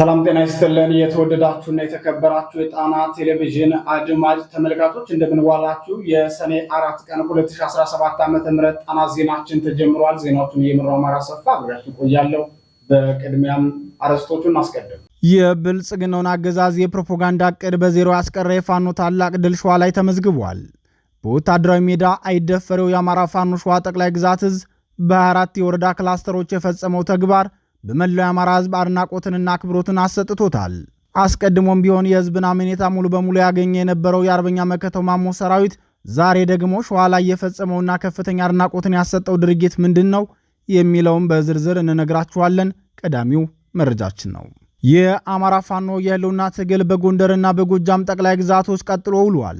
ሰላም ጤና ይስጥልን። የተወደዳችሁና የተከበራችሁ የጣና ቴሌቪዥን አድማጭ ተመልካቾች እንደምንዋላችሁ። የሰኔ አራት ቀን 2017 ዓ ም ጣና ዜናችን ተጀምሯል። ዜናዎቹን እየመራው አማራ ሰፋ አብሬያችሁ ቆያለሁ። በቅድሚያም አርዕስቶቹን አስቀድም። የብልጽግናውን አገዛዝ የፕሮፓጋንዳ እቅድ በዜሮ ያስቀረ የፋኖ ታላቅ ድል ሸዋ ላይ ተመዝግቧል። በወታደራዊ ሜዳ አይደፈረው የአማራ ፋኖ ሸዋ ጠቅላይ ግዛት እዝ በ24 የወረዳ ክላስተሮች የፈጸመው ተግባር በመላው የአማራ ህዝብ አድናቆትንና አክብሮትን አሰጥቶታል። አስቀድሞም ቢሆን የህዝብን አመኔታ ሙሉ በሙሉ ያገኘ የነበረው የአርበኛ መከተው ማሞ ሰራዊት ዛሬ ደግሞ ሸዋ ላይ የፈጸመውና ከፍተኛ አድናቆትን ያሰጠው ድርጊት ምንድን ነው የሚለውም በዝርዝር እንነግራችኋለን። ቀዳሚው መረጃችን ነው። የአማራ ፋኖ የህልውና ትግል በጎንደርና በጎጃም ጠቅላይ ግዛቶች ቀጥሎ ውሏል።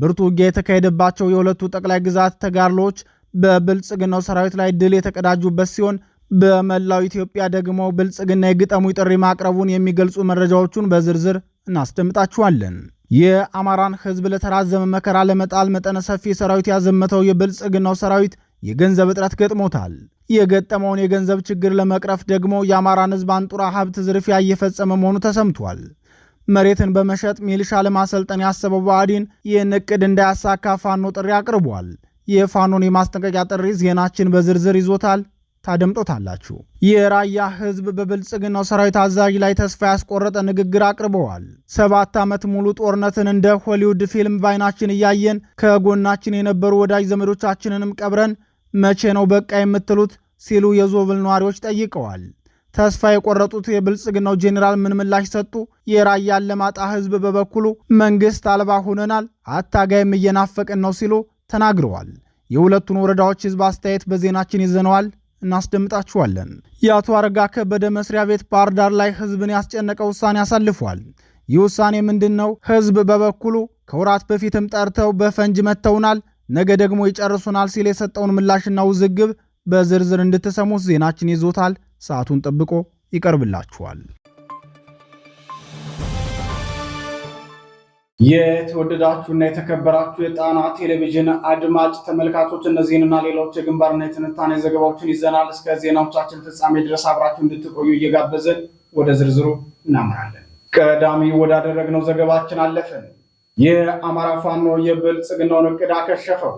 ብርቱ ውጊያ የተካሄደባቸው የሁለቱ ጠቅላይ ግዛት ተጋድሎዎች በብልጽግናው ሰራዊት ላይ ድል የተቀዳጁበት ሲሆን በመላው ኢትዮጵያ ደግሞ ብልጽግና የግጠሙ ጥሪ ማቅረቡን የሚገልጹ መረጃዎቹን በዝርዝር እናስደምጣችኋለን። የአማራን ሕዝብ ለተራዘመ መከራ ለመጣል መጠነ ሰፊ ሰራዊት ያዘመተው የብልጽግናው ሰራዊት የገንዘብ እጥረት ገጥሞታል። የገጠመውን የገንዘብ ችግር ለመቅረፍ ደግሞ የአማራን ሕዝብ አንጡራ ሀብት ዝርፊያ እየፈጸመ መሆኑ ተሰምቷል። መሬትን በመሸጥ ሚልሻ ለማሰልጠን ያሰበው ብአዴን ይህን እቅድ እንዳያሳካ ፋኖ ጥሪ አቅርቧል። የፋኖን የማስጠንቀቂያ ጥሪ ዜናችን በዝርዝር ይዞታል። ታደምጦታላችሁ። የራያ ህዝብ በብልጽግናው ሰራዊት አዛዥ ላይ ተስፋ ያስቆረጠ ንግግር አቅርበዋል። ሰባት ዓመት ሙሉ ጦርነትን እንደ ሆሊውድ ፊልም ባይናችን እያየን ከጎናችን የነበሩ ወዳጅ ዘመዶቻችንንም ቀብረን መቼ ነው በቃ የምትሉት ሲሉ የዞብል ነዋሪዎች ጠይቀዋል። ተስፋ የቆረጡት የብልጽግናው ጄኔራል ምን ምላሽ ሰጡ? የራያ አለማጣ ህዝብ በበኩሉ መንግስት አልባ ሆነናል፣ አታጋይም እየናፈቅን ነው ሲሉ ተናግረዋል። የሁለቱን ወረዳዎች ህዝብ አስተያየት በዜናችን ይዘነዋል። እናስደምጣችኋለን። የአቶ አረጋ ከበደ መስሪያ ቤት ባህር ዳር ላይ ህዝብን ያስጨነቀ ውሳኔ አሳልፏል። ይህ ውሳኔ ምንድን ነው? ህዝብ በበኩሉ ከወራት በፊትም ጠርተው በፈንጅ መጥተውናል፣ ነገ ደግሞ ይጨርሱናል ሲል የሰጠውን ምላሽና ውዝግብ በዝርዝር እንድትሰሙት ዜናችን ይዞታል። ሰዓቱን ጠብቆ ይቀርብላችኋል። የተወደዳችሁና የተከበራችሁ የጣና ቴሌቪዥን አድማጭ ተመልካቾች እነዚህንና ሌሎች የግንባርና የትንታኔ ዘገባዎችን ይዘናል። እስከ ዜናዎቻችን ፍጻሜ ድረስ አብራችሁ እንድትቆዩ እየጋበዘን ወደ ዝርዝሩ እናምራለን። ቀዳሚ ወዳደረግነው ዘገባችን አለፍን። የአማራ ፋኖ የብልጽግናውን እቅድ አከሸፈው።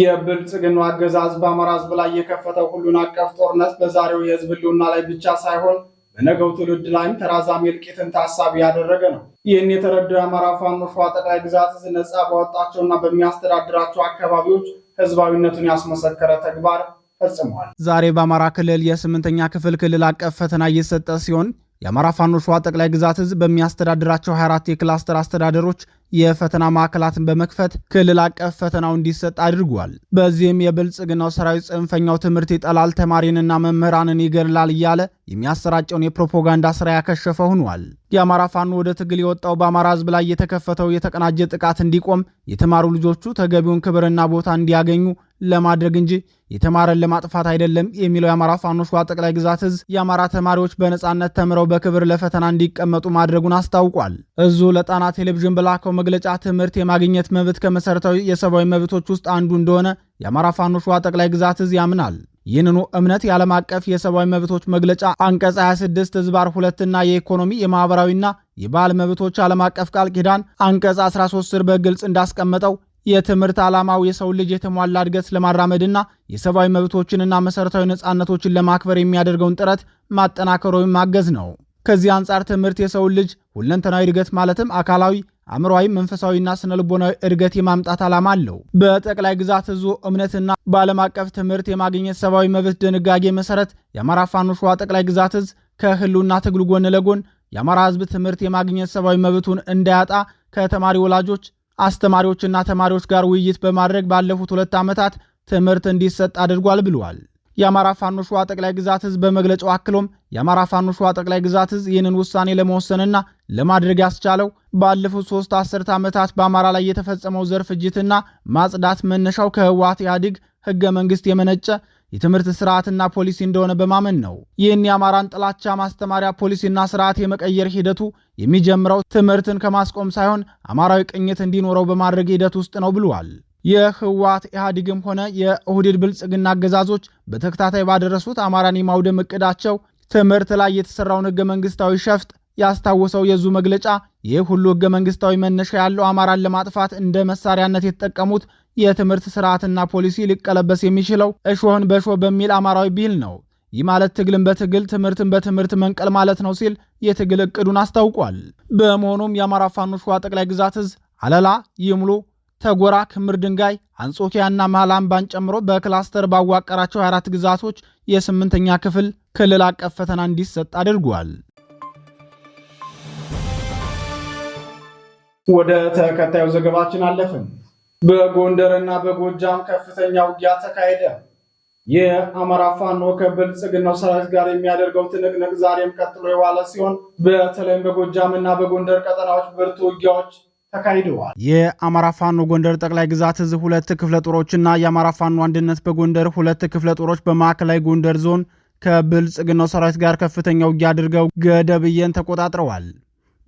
የብልጽግናው አገዛዝ በአማራ ሕዝብ ላይ የከፈተው ሁሉን አቀፍ ጦርነት በዛሬው የሕዝብ ሕልውና ላይ ብቻ ሳይሆን በነገው ትውልድ ላይም ተራዛሚ እልቂትን ታሳቢ ያደረገ ነው። ይህን የተረዳው የአማራ ፋኖ ሸዋ ጠቅላይ ግዛት እዝ ነጻ ባወጣቸውና በሚያስተዳድራቸው አካባቢዎች ህዝባዊነቱን ያስመሰከረ ተግባር ፈጽመዋል። ዛሬ በአማራ ክልል የስምንተኛ ክፍል ክልል አቀፍ ፈተና እየሰጠ ሲሆን የአማራ ፋኖ ሸዋ ጠቅላይ ግዛት እዝ በሚያስተዳድራቸው 24 የክላስተር አስተዳደሮች የፈተና ማዕከላትን በመክፈት ክልል አቀፍ ፈተናው እንዲሰጥ አድርጓል። በዚህም የብልጽግናው ሰራዊት ጽንፈኛው ትምህርት ይጠላል፣ ተማሪንና መምህራንን ይገድላል እያለ የሚያሰራጨውን የፕሮፓጋንዳ ስራ ያከሸፈ ሆኗል። የአማራ ፋኖ ወደ ትግል የወጣው በአማራ ህዝብ ላይ የተከፈተው የተቀናጀ ጥቃት እንዲቆም የተማሩ ልጆቹ ተገቢውን ክብርና ቦታ እንዲያገኙ ለማድረግ እንጂ የተማረን ለማጥፋት አይደለም የሚለው የአማራ ፋኖ ሸዋ ጠቅላይ ግዛት እዝ የአማራ ተማሪዎች በነጻነት ተምረው በክብር ለፈተና እንዲቀመጡ ማድረጉን አስታውቋል። እዙ ለጣና ቴሌቪዥን በላከው መግለጫ ትምህርት የማግኘት መብት ከመሰረታዊ የሰብአዊ መብቶች ውስጥ አንዱ እንደሆነ የአማራ ፋኖ ሸዋ ጠቅላይ ግዛት እዝ ያምናል። ይህንኑ እምነት የዓለም አቀፍ የሰብአዊ መብቶች መግለጫ አንቀጽ 26 ህዝባር ሁለትና የኢኮኖሚ የማኅበራዊና የባህል መብቶች ዓለም አቀፍ ቃል ኪዳን አንቀጽ 13 ስር በግልጽ እንዳስቀመጠው የትምህርት ዓላማው የሰው ልጅ የተሟላ እድገት ለማራመድና የሰብአዊ መብቶችንና መሠረታዊ ነፃነቶችን ለማክበር የሚያደርገውን ጥረት ማጠናከር ወይም ማገዝ ነው። ከዚህ አንጻር ትምህርት የሰውን ልጅ ሁለንተናዊ እድገት ማለትም አካላዊ፣ አእምሯዊ፣ መንፈሳዊና ስነልቦናዊ እድገት የማምጣት ዓላማ አለው። በጠቅላይ ግዛት እዙ እምነትና በዓለም አቀፍ ትምህርት የማግኘት ሰብአዊ መብት ድንጋጌ መሰረት የአማራ ፋኖ ሸዋ ጠቅላይ ግዛት እዝ ከህልውና ትግሉ ጎን ለጎን የአማራ ህዝብ ትምህርት የማግኘት ሰብአዊ መብቱን እንዳያጣ ከተማሪ ወላጆች አስተማሪዎችና ተማሪዎች ጋር ውይይት በማድረግ ባለፉት ሁለት ዓመታት ትምህርት እንዲሰጥ አድርጓል ብለዋል። የአማራ ፋኖ ሸዋ ጠቅላይ ግዛት ህዝብ በመግለጫው አክሎም የአማራ ፋኖ ሸዋ ጠቅላይ ግዛት ህዝብ ይህንን ውሳኔ ለመወሰንና ለማድረግ ያስቻለው ባለፉት ሶስት አስርት ዓመታት በአማራ ላይ የተፈጸመው ዘርፍ እጅትና ማጽዳት መነሻው ከህወሓት ኢህአዲግ ህገ መንግስት የመነጨ የትምህርት ስርዓትና ፖሊሲ እንደሆነ በማመን ነው። ይህን የአማራን ጥላቻ ማስተማሪያ ፖሊሲና ስርዓት የመቀየር ሂደቱ የሚጀምረው ትምህርትን ከማስቆም ሳይሆን አማራዊ ቅኝት እንዲኖረው በማድረግ ሂደት ውስጥ ነው ብለዋል። የህወሓት ኢህአዲግም ሆነ የኦህዴድ ብልጽግና አገዛዞች በተከታታይ ባደረሱት አማራን የማውደም እቅዳቸው ትምህርት ላይ የተሰራውን ህገ መንግስታዊ ሸፍጥ ያስታወሰው የዙ መግለጫ ይህ ሁሉ ህገ መንግስታዊ መነሻ ያለው አማራን ለማጥፋት እንደ መሳሪያነት የተጠቀሙት የትምህርት ስርዓትና ፖሊሲ ሊቀለበስ የሚችለው እሾህን በእሾህ በሚል አማራዊ ቢል ነው። ይህ ማለት ትግልን በትግል ትምህርትን በትምህርት መንቀል ማለት ነው ሲል የትግል እቅዱን አስታውቋል። በመሆኑም የአማራ ፋኖ ሸዋ ጠቅላይ ግዛት እዝ አለላ፣ ይምሉ፣ ተጎራ፣ ክምር ድንጋይ፣ አንጾኪያና መሃል አምባን ጨምሮ በክላስተር ባዋቀራቸው አራት ግዛቶች የስምንተኛ ክፍል ክልል አቀፍ ፈተና እንዲሰጥ አድርጓል። ወደ ተከታዩ ዘገባችን አለፍን። በጎንደርና በጎጃም ከፍተኛ ውጊያ ተካሄደ። የአማራ ፋኖ ከብልጽግናው ሰራዊት ጋር የሚያደርገው ትንቅንቅ ዛሬም ቀጥሎ የዋለ ሲሆን በተለይም በጎጃም እና በጎንደር ቀጠናዎች ብርቱ ውጊያዎች ተካሂደዋል። የአማራ ፋኖ ጎንደር ጠቅላይ ግዛት እዝ ሁለት ክፍለ ጦሮችና የአማራ ፋኖ አንድነት በጎንደር ሁለት ክፍለ ጦሮች በማዕከላዊ ጎንደር ዞን ከብልጽግናው ሰራዊት ጋር ከፍተኛ ውጊያ አድርገው ገደብየን ተቆጣጥረዋል።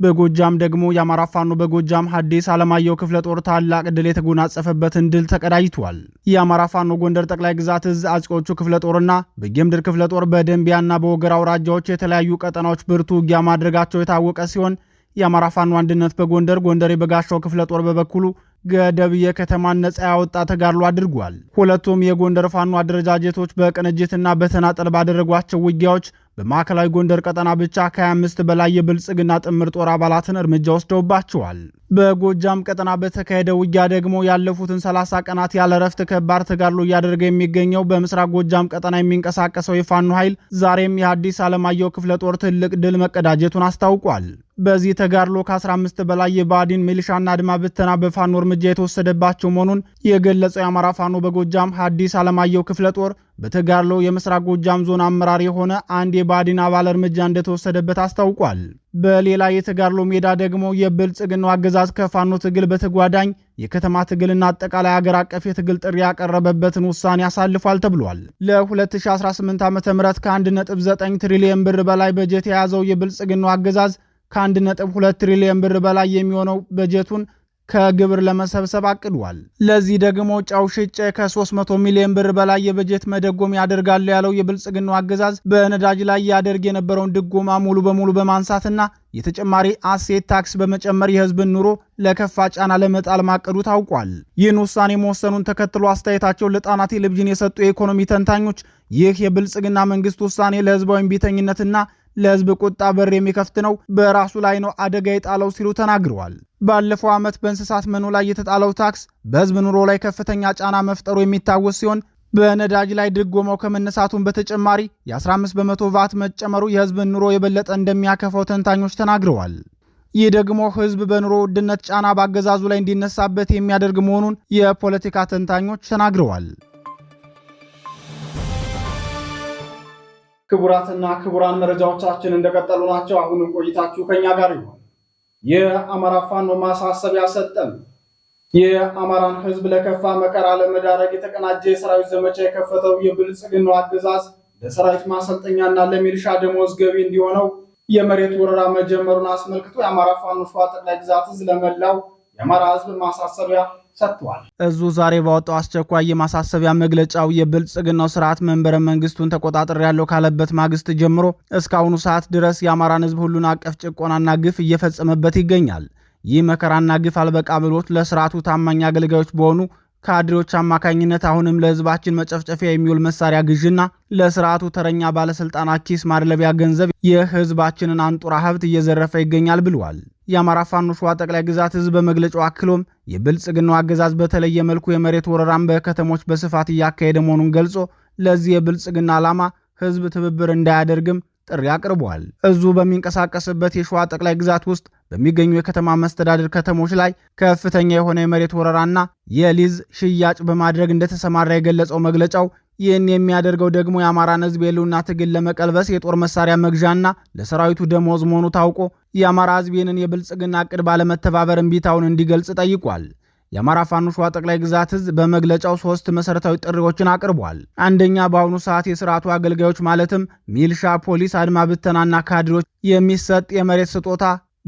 በጎጃም ደግሞ የአማራ ፋኖ በጎጃም ሀዲስ ዓለማየሁ ክፍለ ጦር ታላቅ ድል የተጎናጸፈበትን ድል ተቀዳጅቷል። የአማራ ፋኖ ጎንደር ጠቅላይ ግዛት እዝ አጽቆቹ ክፍለ ጦርና በጌምድር ክፍለ ጦር በደንቢያና በወገራ አውራጃዎች የተለያዩ ቀጠናዎች ብርቱ ውጊያ ማድረጋቸው የታወቀ ሲሆን የአማራ ፋኖ አንድነት በጎንደር ጎንደር የበጋሻው ክፍለ ጦር በበኩሉ ገደብዬ ከተማን ነጻ ያወጣ ተጋድሎ አድርጓል። ሁለቱም የጎንደር ፋኖ አደረጃጀቶች በቅንጅትና በተናጠል ባደረጓቸው ውጊያዎች በማዕከላዊ ጎንደር ቀጠና ብቻ ከ25 በላይ የብልጽግና ጥምር ጦር አባላትን እርምጃ ወስደውባቸዋል። በጎጃም ቀጠና በተካሄደ ውጊያ ደግሞ ያለፉትን 30 ቀናት ያለ ረፍት ከባድ ተጋድሎ እያደረገ የሚገኘው በምስራቅ ጎጃም ቀጠና የሚንቀሳቀሰው የፋኖ ኃይል ዛሬም የአዲስ ዓለማየሁ ክፍለ ጦር ትልቅ ድል መቀዳጀቱን አስታውቋል። በዚህ ተጋድሎ ከ15 በላይ የባዲን ሚሊሻና አድማ ብተና በፋኖ እርምጃ የተወሰደባቸው መሆኑን የገለጸው የአማራ ፋኖ በጎጃም ሐዲስ ዓለማየሁ ክፍለ ጦር በተጋድሎ የምስራቅ ጎጃም ዞን አመራር የሆነ አንድ የባዲን አባል እርምጃ እንደተወሰደበት አስታውቋል። በሌላ የተጋድሎ ሜዳ ደግሞ የብልጽግናው አገዛዝ ከፋኖ ትግል በተጓዳኝ የከተማ ትግልና አጠቃላይ አገር አቀፍ የትግል ጥሪ ያቀረበበትን ውሳኔ አሳልፏል ተብሏል። ለ2018 ዓ ም ከ1.9 ትሪሊየን ብር በላይ በጀት የያዘው የብልጽግናው አገዛዝ ከ1.2 ትሪሊየን ብር በላይ የሚሆነው በጀቱን ከግብር ለመሰብሰብ አቅዷል። ለዚህ ደግሞ ጨው ሽጬ ከ300 ሚሊዮን ብር በላይ የበጀት መደጎም ያደርጋሉ ያለው የብልጽግናው አገዛዝ በነዳጅ ላይ ያደርግ የነበረውን ድጎማ ሙሉ በሙሉ በማንሳትና የተጨማሪ አሴት ታክስ በመጨመር የህዝብን ኑሮ ለከፋ ጫና ለመጣል ማቀዱ ታውቋል። ይህን ውሳኔ መወሰኑን ተከትሎ አስተያየታቸውን ለጣና ቴሌቪዥን የሰጡ የኢኮኖሚ ተንታኞች ይህ የብልጽግና መንግስት ውሳኔ ለህዝባዊ እምቢተኝነትና ለህዝብ ቁጣ በር የሚከፍት ነው፣ በራሱ ላይ ነው አደጋ የጣለው ሲሉ ተናግረዋል። ባለፈው ዓመት በእንስሳት መኖ ላይ የተጣለው ታክስ በህዝብ ኑሮ ላይ ከፍተኛ ጫና መፍጠሩ የሚታወስ ሲሆን በነዳጅ ላይ ድጎማው ከመነሳቱን በተጨማሪ የ15 በመቶ ቫት መጨመሩ የህዝብን ኑሮ የበለጠ እንደሚያከፈው ተንታኞች ተናግረዋል። ይህ ደግሞ ህዝብ በኑሮ ውድነት ጫና በአገዛዙ ላይ እንዲነሳበት የሚያደርግ መሆኑን የፖለቲካ ተንታኞች ተናግረዋል። ክቡራትና ክቡራን መረጃዎቻችን እንደቀጠሉ ናቸው። አሁንም ቆይታችሁ ከኛ ጋር ይሆን። የአማራ ፋኖ ማሳሰቢያ ሰጠን። የአማራን ሕዝብ ለከፋ መከራ ለመዳረግ የተቀናጀ የሰራዊት ዘመቻ የከፈተው የብልጽግናው አገዛዝ ለሰራዊት ማሰልጠኛና ለሚልሻ ደሞዝ ገቢ እንዲሆነው የመሬት ወረራ መጀመሩን አስመልክቶ የአማራ ፋኖ ሸዋ ጠቅላይ ግዛት ዕዝ ለመላው የአማራ ሕዝብ ማሳሰቢያ ሰጥቷል። እዙ ዛሬ ባወጣው አስቸኳይ የማሳሰቢያ መግለጫው የብልጽግናው ስርዓት መንበረ መንግስቱን ተቆጣጠር ያለው ካለበት ማግስት ጀምሮ እስካሁኑ ሰዓት ድረስ የአማራን ህዝብ ሁሉን አቀፍ ጭቆናና ግፍ እየፈጸመበት ይገኛል። ይህ መከራና ግፍ አልበቃ ብሎት ለስርዓቱ ታማኝ አገልጋዮች በሆኑ ከአድሬዎች አማካኝነት አሁንም ለህዝባችን መጨፍጨፊያ የሚውል መሳሪያ ግዥና ለስርዓቱ ተረኛ ባለስልጣናት ኪስ ማድለቢያ ገንዘብ የህዝባችንን አንጡራ ሀብት እየዘረፈ ይገኛል ብለዋል። የአማራ ፋኖ ሸዋ ጠቅላይ ግዛት ህዝብ በመግለጫው አክሎም የብልጽግናው አገዛዝ በተለየ መልኩ የመሬት ወረራን በከተሞች በስፋት እያካሄደ መሆኑን ገልጾ ለዚህ የብልጽግና ዓላማ ህዝብ ትብብር እንዳያደርግም ጥሪ አቅርቧል። እዙ በሚንቀሳቀስበት የሸዋ ጠቅላይ ግዛት ውስጥ በሚገኙ የከተማ መስተዳድር ከተሞች ላይ ከፍተኛ የሆነ የመሬት ወረራና የሊዝ ሽያጭ በማድረግ እንደተሰማራ የገለጸው መግለጫው ይህን የሚያደርገው ደግሞ የአማራን ሕዝብ የህልውና ትግል ለመቀልበስ የጦር መሳሪያ መግዣና ለሰራዊቱ ደሞዝ መሆኑ ታውቆ የአማራ ሕዝብ ይህንን የብልጽግና ቅድ ባለመተባበር እምቢታውን እንዲገልጽ ጠይቋል። የአማራ ፋኖ ሸዋ ጠቅላይ ግዛት እዝ በመግለጫው ሶስት መሰረታዊ ጥሪዎችን አቅርቧል። አንደኛ፣ በአሁኑ ሰዓት የስርዓቱ አገልጋዮች ማለትም ሚልሻ፣ ፖሊስ፣ አድማ ብተናና ካድሮች የሚሰጥ የመሬት ስጦታ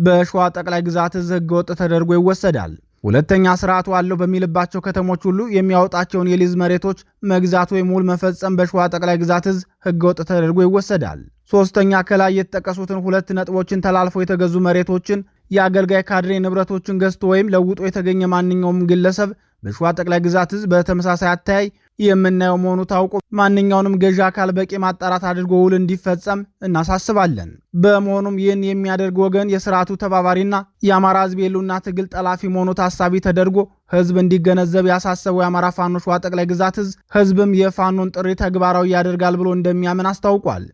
በሸዋ ጠቅላይ ግዛት እዝ ህገወጥ ተደርጎ ይወሰዳል። ሁለተኛ፣ ስርዓቱ አለው በሚልባቸው ከተሞች ሁሉ የሚያወጣቸውን የሊዝ መሬቶች መግዛት ወይም ውል መፈጸም በሸዋ ጠቅላይ ግዛት እዝ ህገወጥ ተደርጎ ይወሰዳል። ሶስተኛ፣ ከላይ የተጠቀሱትን ሁለት ነጥቦችን ተላልፈው የተገዙ መሬቶችን የአገልጋይ ካድሬ ንብረቶችን ገዝቶ ወይም ለውጦ የተገኘ ማንኛውም ግለሰብ በሸዋ ጠቅላይ ግዛት ህዝብ በተመሳሳይ አተያይ የምናየው መሆኑ ታውቆ ማንኛውንም ገዢ አካል በቂ ማጣራት አድርጎ ውል እንዲፈጸም እናሳስባለን። በመሆኑም ይህን የሚያደርግ ወገን የስርዓቱ ተባባሪና የአማራ ህዝብ የሉና ትግል ጠላፊ መሆኑ ታሳቢ ተደርጎ ህዝብ እንዲገነዘብ ያሳሰበው የአማራ ፋኖ ሸዋ ጠቅላይ ግዛት ህዝብ ህዝብም የፋኖን ጥሪ ተግባራዊ ያደርጋል ብሎ እንደሚያምን አስታውቋል።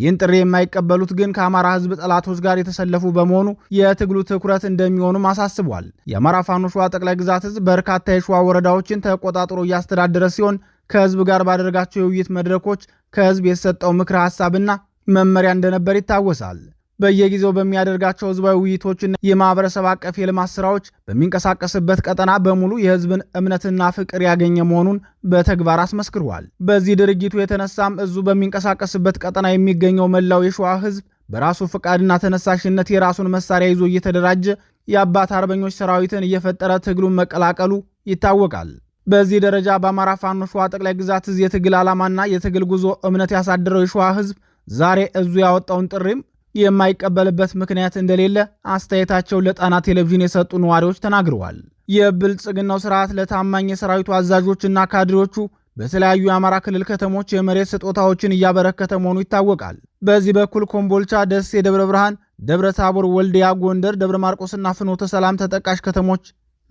ይህን ጥሪ የማይቀበሉት ግን ከአማራ ህዝብ ጠላቶች ጋር የተሰለፉ በመሆኑ የትግሉ ትኩረት እንደሚሆኑም አሳስቧል። የአማራ ፋኖ ሸዋ ጠቅላይ ግዛት ህዝብ በርካታ የሸዋ ወረዳዎችን ተቆጣጥሮ እያስተዳደረ ሲሆን ከህዝብ ጋር ባደረጋቸው የውይይት መድረኮች ከህዝብ የተሰጠው ምክረ ሀሳብና መመሪያ እንደነበር ይታወሳል። በየጊዜው በሚያደርጋቸው ህዝባዊ ውይይቶችና የማህበረሰብ አቀፍ የልማት ስራዎች በሚንቀሳቀስበት ቀጠና በሙሉ የህዝብን እምነትና ፍቅር ያገኘ መሆኑን በተግባር አስመስክሯል። በዚህ ድርጊቱ የተነሳም እዙ በሚንቀሳቀስበት ቀጠና የሚገኘው መላው የሸዋ ህዝብ በራሱ ፈቃድና ተነሳሽነት የራሱን መሳሪያ ይዞ እየተደራጀ የአባት አርበኞች ሰራዊትን እየፈጠረ ትግሉን መቀላቀሉ ይታወቃል። በዚህ ደረጃ በአማራ ፋኖ ሸዋ ጠቅላይ ግዛት እዝ የትግል ዓላማና የትግል ጉዞ እምነት ያሳደረው የሸዋ ህዝብ ዛሬ እዙ ያወጣውን ጥሪም የማይቀበልበት ምክንያት እንደሌለ አስተያየታቸውን ለጣና ቴሌቪዥን የሰጡ ነዋሪዎች ተናግረዋል። የብልጽግናው ስርዓት ለታማኝ የሰራዊቱ አዛዦችና ካድሬዎቹ በተለያዩ የአማራ ክልል ከተሞች የመሬት ስጦታዎችን እያበረከተ መሆኑ ይታወቃል። በዚህ በኩል ኮምቦልቻ፣ ደሴ፣ ደብረ ብርሃን፣ ደብረ ታቦር፣ ወልዲያ፣ ጎንደር፣ ደብረ ማርቆስና ፍኖተ ሰላም ተጠቃሽ ከተሞች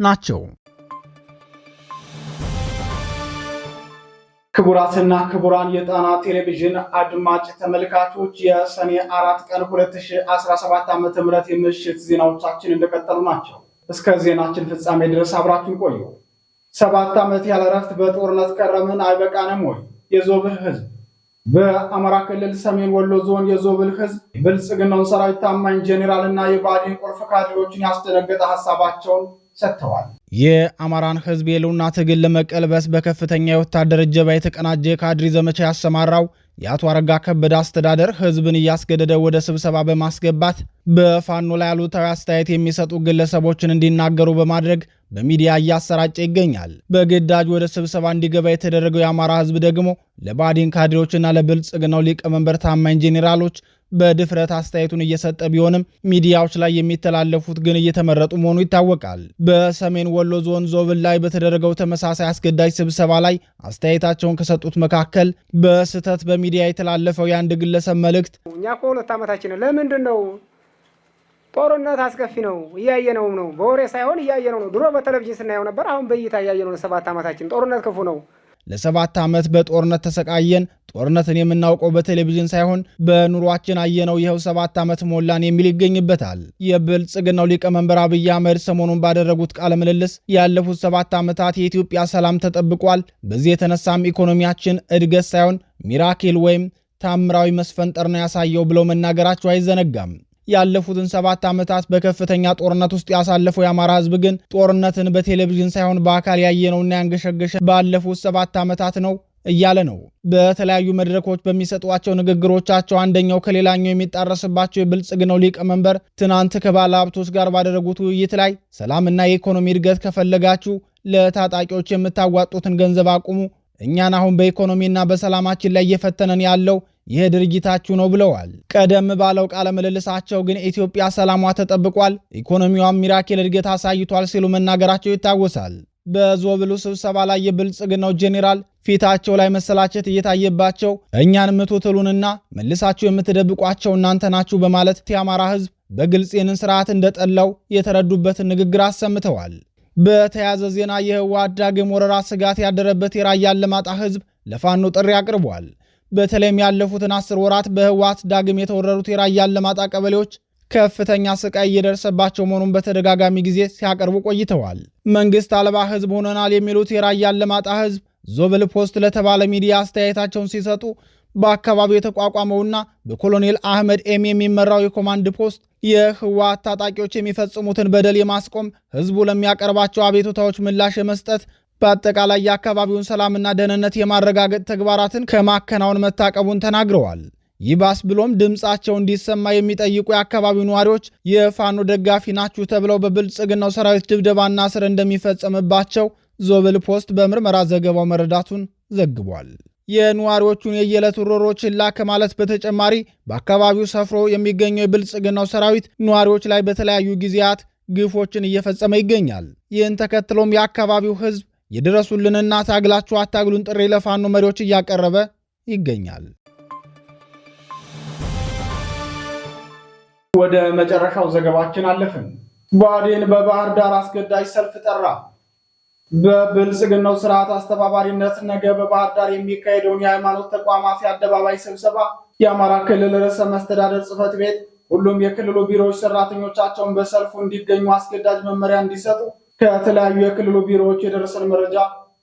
ናቸው። ክቡራትና ክቡራን የጣና ቴሌቪዥን አድማጭ ተመልካቾች የሰኔ አራት ቀን 2017 ም የምሽት ዜናዎቻችን እንደቀጠሉ ናቸው። እስከ ዜናችን ፍጻሜ ድረስ አብራችን ቆዩ። ሰባት ዓመት ያለ እረፍት በጦርነት ቀረምን አይበቃንም ወይ? የዞብል ህዝብ በአማራ ክልል ሰሜን ወሎ ዞን የዞብል ህዝብ ብልጽግናውን ሰራዊት ታማኝ ጄኔራልና የባዴን ቁልፍ ካድሬዎችን ያስደነገጠ ሀሳባቸውን ሰጥተዋል። የአማራን ህዝብ የህልውና ትግል ለመቀልበስ በከፍተኛ የወታደር እጀባ የተቀናጀ ካድሪ ዘመቻ ያሰማራው የአቶ አረጋ ከበደ አስተዳደር ህዝብን እያስገደደ ወደ ስብሰባ በማስገባት በፋኖ ላይ አሉታዊ አስተያየት የሚሰጡ ግለሰቦችን እንዲናገሩ በማድረግ በሚዲያ እያሰራጨ ይገኛል። በግዳጅ ወደ ስብሰባ እንዲገባ የተደረገው የአማራ ህዝብ ደግሞ ለባዲን ካድሬዎችና ለብልጽግናው ሊቀመንበር ታማኝ ጄኔራሎች በድፍረት አስተያየቱን እየሰጠ ቢሆንም ሚዲያዎች ላይ የሚተላለፉት ግን እየተመረጡ መሆኑ ይታወቃል። በሰሜን ወሎ ዞን ዞብል ላይ በተደረገው ተመሳሳይ አስገዳጅ ስብሰባ ላይ አስተያየታቸውን ከሰጡት መካከል በስህተት በሚዲያ የተላለፈው የአንድ ግለሰብ መልእክት እኛ እኮ ሁለት ዓመታችን ነው። ለምንድን ነው ጦርነት አስከፊ ነው፣ እያየነውም ነው። በወሬ ሳይሆን እያየነው ነው። ድሮ በቴሌቪዥን ስናየው ነበር፣ አሁን በእይታ እያየነው ነው። ሰባት ዓመታችን ጦርነት ክፉ ነው። ለሰባት ዓመት በጦርነት ተሰቃየን። ጦርነትን የምናውቀው በቴሌቪዥን ሳይሆን በኑሯችን አየነው፣ ይኸው ሰባት ዓመት ሞላን የሚል ይገኝበታል። የብልጽግናው ሊቀመንበር አብይ አህመድ ሰሞኑን ባደረጉት ቃለ ምልልስ ያለፉት ሰባት ዓመታት የኢትዮጵያ ሰላም ተጠብቋል፣ በዚህ የተነሳም ኢኮኖሚያችን እድገት ሳይሆን ሚራክል ወይም ታምራዊ መስፈንጠር ነው ያሳየው ብለው መናገራቸው አይዘነጋም። ያለፉትን ሰባት ዓመታት በከፍተኛ ጦርነት ውስጥ ያሳለፈው የአማራ ህዝብ ግን ጦርነትን በቴሌቪዥን ሳይሆን በአካል ያየነውና ያንገሸገሸ ባለፉት ሰባት ዓመታት ነው። እያለ ነው። በተለያዩ መድረኮች በሚሰጧቸው ንግግሮቻቸው አንደኛው ከሌላኛው የሚጣረስባቸው የብልጽግናው ሊቀመንበር ትናንት ከባለ ሀብቶች ጋር ባደረጉት ውይይት ላይ ሰላምና የኢኮኖሚ እድገት ከፈለጋችሁ ለታጣቂዎች የምታዋጡትን ገንዘብ አቁሙ፣ እኛን አሁን በኢኮኖሚና በሰላማችን ላይ እየፈተነን ያለው ይህ ድርጅታችሁ ነው ብለዋል። ቀደም ባለው ቃለ ምልልሳቸው ግን ኢትዮጵያ ሰላሟ ተጠብቋል፣ ኢኮኖሚዋም ሚራክል እድገት አሳይቷል ሲሉ መናገራቸው ይታወሳል። በዞብሉ ስብሰባ ላይ የብልጽግናው ጄኔራል ፊታቸው ላይ መሰላቸት እየታየባቸው እኛን የምትትሉንና መልሳችሁ የምትደብቋቸው እናንተ ናችሁ በማለት የአማራ ህዝብ በግልጽ ይህንን ስርዓት እንደጠላው የተረዱበትን ንግግር አሰምተዋል። በተያያዘ ዜና የህወሓት ዳግም ወረራ ስጋት ያደረበት የራያ አላማጣ ህዝብ ለፋኖ ጥሪ አቅርቧል። በተለይም ያለፉትን አስር ወራት በህወሓት ዳግም የተወረሩት የራያ አላማጣ ቀበሌዎች ከፍተኛ ስቃይ እየደረሰባቸው መሆኑን በተደጋጋሚ ጊዜ ሲያቀርቡ ቆይተዋል። መንግስት አልባ ህዝብ ሆነናል የሚሉት የራያ ለማጣ ህዝብ ዞብል ፖስት ለተባለ ሚዲያ አስተያየታቸውን ሲሰጡ በአካባቢው የተቋቋመውና በኮሎኔል አህመድ ኤም የሚመራው የኮማንድ ፖስት የህወሓት ታጣቂዎች የሚፈጽሙትን በደል የማስቆም ህዝቡ ለሚያቀርባቸው አቤቱታዎች ምላሽ የመስጠት በአጠቃላይ የአካባቢውን ሰላምና ደህንነት የማረጋገጥ ተግባራትን ከማከናወን መታቀቡን ተናግረዋል። ይባስ ብሎም ድምፃቸው እንዲሰማ የሚጠይቁ የአካባቢው ነዋሪዎች የፋኖ ደጋፊ ናችሁ ተብለው በብልጽግናው ሰራዊት ድብደባና ስር እንደሚፈጸምባቸው ዞብል ፖስት በምርመራ ዘገባው መረዳቱን ዘግቧል። የነዋሪዎቹን የየዕለት ሮሮ ችላ ከማለት በተጨማሪ በአካባቢው ሰፍሮ የሚገኘው የብልጽግናው ሰራዊት ነዋሪዎች ላይ በተለያዩ ጊዜያት ግፎችን እየፈጸመ ይገኛል። ይህን ተከትሎም የአካባቢው ህዝብ የድረሱልንና ታግላችሁ አታግሉን ጥሪ ለፋኖ መሪዎች እያቀረበ ይገኛል። ወደ መጨረሻው ዘገባችን አለፍን። ብአዴን በባህር ዳር አስገዳጅ ሰልፍ ጠራ። በብልጽግናው ስርዓት አስተባባሪነት ነገ በባህር ዳር የሚካሄደውን የሃይማኖት ተቋማት የአደባባይ ስብሰባ የአማራ ክልል ርዕሰ መስተዳደር ጽህፈት ቤት ሁሉም የክልሉ ቢሮዎች ሰራተኞቻቸውን በሰልፉ እንዲገኙ አስገዳጅ መመሪያ እንዲሰጡ ከተለያዩ የክልሉ ቢሮዎች የደረሰን መረጃ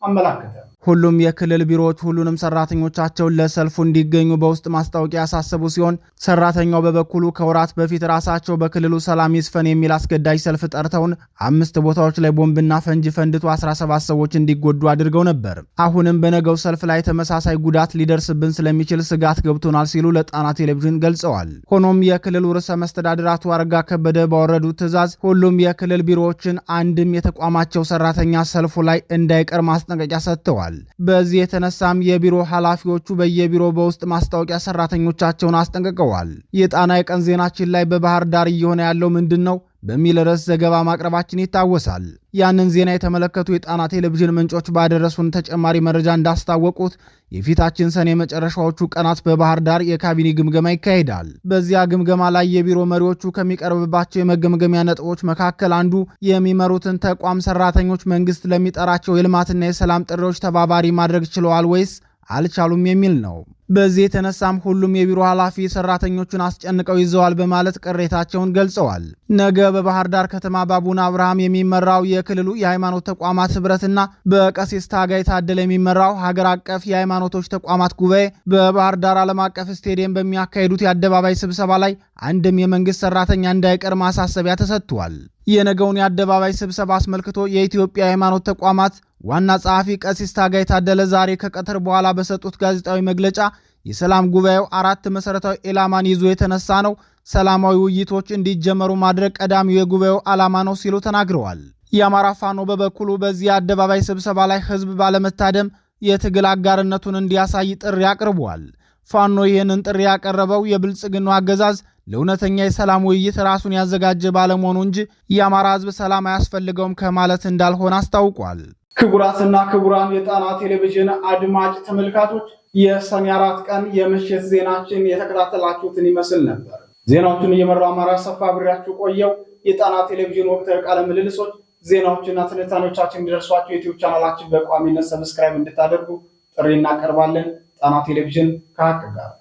አመላከተ። ሁሉም የክልል ቢሮዎች ሁሉንም ሰራተኞቻቸውን ለሰልፉ እንዲገኙ በውስጥ ማስታወቂያ ያሳሰቡ ሲሆን ሰራተኛው በበኩሉ ከወራት በፊት ራሳቸው በክልሉ ሰላም ይስፈን የሚል አስገዳጅ ሰልፍ ጠርተውን አምስት ቦታዎች ላይ ቦምብና ፈንጂ ፈንድቶ 17 ሰዎች እንዲጎዱ አድርገው ነበር። አሁንም በነገው ሰልፍ ላይ ተመሳሳይ ጉዳት ሊደርስብን ስለሚችል ስጋት ገብቶናል ሲሉ ለጣና ቴሌቪዥን ገልጸዋል። ሆኖም የክልሉ ርዕሰ መስተዳድር አቶ አረጋ ከበደ ባወረዱ ትዕዛዝ ሁሉም የክልል ቢሮዎችን አንድም የተቋማቸው ሰራተኛ ሰልፉ ላይ እንዳይቀር ማስጠንቀቂያ ሰጥተዋል። ተናግረዋል። በዚህ የተነሳም የቢሮ ኃላፊዎቹ በየቢሮ በውስጥ ማስታወቂያ ሰራተኞቻቸውን አስጠንቅቀዋል። የጣና የቀን ዜናችን ላይ በባህር ዳር እየሆነ ያለው ምንድን ነው በሚል ርዕስ ዘገባ ማቅረባችን ይታወሳል። ያንን ዜና የተመለከቱ የጣና ቴሌቪዥን ምንጮች ባደረሱን ተጨማሪ መረጃ እንዳስታወቁት የፊታችን ሰኔ መጨረሻዎቹ ቀናት በባህር ዳር የካቢኔ ግምገማ ይካሄዳል። በዚያ ግምገማ ላይ የቢሮ መሪዎቹ ከሚቀርብባቸው የመገምገሚያ ነጥቦች መካከል አንዱ የሚመሩትን ተቋም ሰራተኞች መንግስት ለሚጠራቸው የልማትና የሰላም ጥሪዎች ተባባሪ ማድረግ ችለዋል ወይስ አልቻሉም የሚል ነው። በዚህ የተነሳም ሁሉም የቢሮ ኃላፊ ሰራተኞቹን አስጨንቀው ይዘዋል በማለት ቅሬታቸውን ገልጸዋል። ነገ በባህር ዳር ከተማ በአቡነ አብርሃም የሚመራው የክልሉ የሃይማኖት ተቋማት ህብረትና በቀሲስ ታጋይ ታደለ የሚመራው ሀገር አቀፍ የሃይማኖቶች ተቋማት ጉባኤ በባህር ዳር ዓለም አቀፍ ስቴዲየም በሚያካሂዱት የአደባባይ ስብሰባ ላይ አንድም የመንግስት ሰራተኛ እንዳይቀር ማሳሰቢያ ተሰጥቷል። የነገውን የአደባባይ ስብሰባ አስመልክቶ የኢትዮጵያ የሃይማኖት ተቋማት ዋና ጸሐፊ ቀሲስ ታጋይ ታደለ ዛሬ ከቀትር በኋላ በሰጡት ጋዜጣዊ መግለጫ የሰላም ጉባኤው አራት መሠረታዊ ኢላማን ይዞ የተነሳ ነው፣ ሰላማዊ ውይይቶች እንዲጀመሩ ማድረግ ቀዳሚው የጉባኤው ዓላማ ነው ሲሉ ተናግረዋል። የአማራ ፋኖ በበኩሉ በዚህ አደባባይ ስብሰባ ላይ ህዝብ ባለመታደም የትግል አጋርነቱን እንዲያሳይ ጥሪ አቅርቧል። ፋኖ ይህንን ጥሪ ያቀረበው የብልጽግናው አገዛዝ ለእውነተኛ የሰላም ውይይት ራሱን ያዘጋጀ ባለመሆኑ እንጂ የአማራ ህዝብ ሰላም አያስፈልገውም ከማለት እንዳልሆነ አስታውቋል። ክቡራትና ክቡራን የጣና ቴሌቪዥን አድማጭ ተመልካቾች የሰኔ አራት ቀን የምሽት ዜናችን የተከታተላችሁትን ይመስል ነበር። ዜናዎቹን እየመራው አማራ ሰፋ ብሬያችሁ ቆየው። የጣና ቴሌቪዥን ወቅታዊ ቃለ ምልልሶች፣ ዜናዎችና ትንታኔዎቻችን እንዲደርሷቸው ዩቲዩብ ቻናላችን በቋሚነት ሰብስክራይብ እንድታደርጉ ጥሪ እናቀርባለን። ጣና ቴሌቪዥን ከሀቅ ጋር